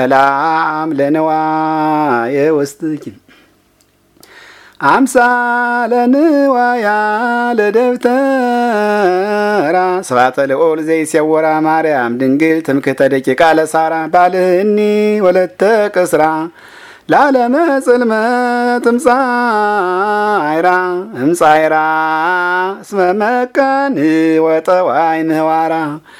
ሰላም ለንዋየ ውስጥኪ አምሳ ለንዋያ ለደብተራ ስባተ ልኦል ዘይሴወራ ማርያም ድንግል ትምክህተ ደቂቃ ለሳራ ባልህኒ ወለተ ቅስራ ላለመ ጽልመት እምጻይራ እምጻይራ እስመ ወጠዋይ ንዋራ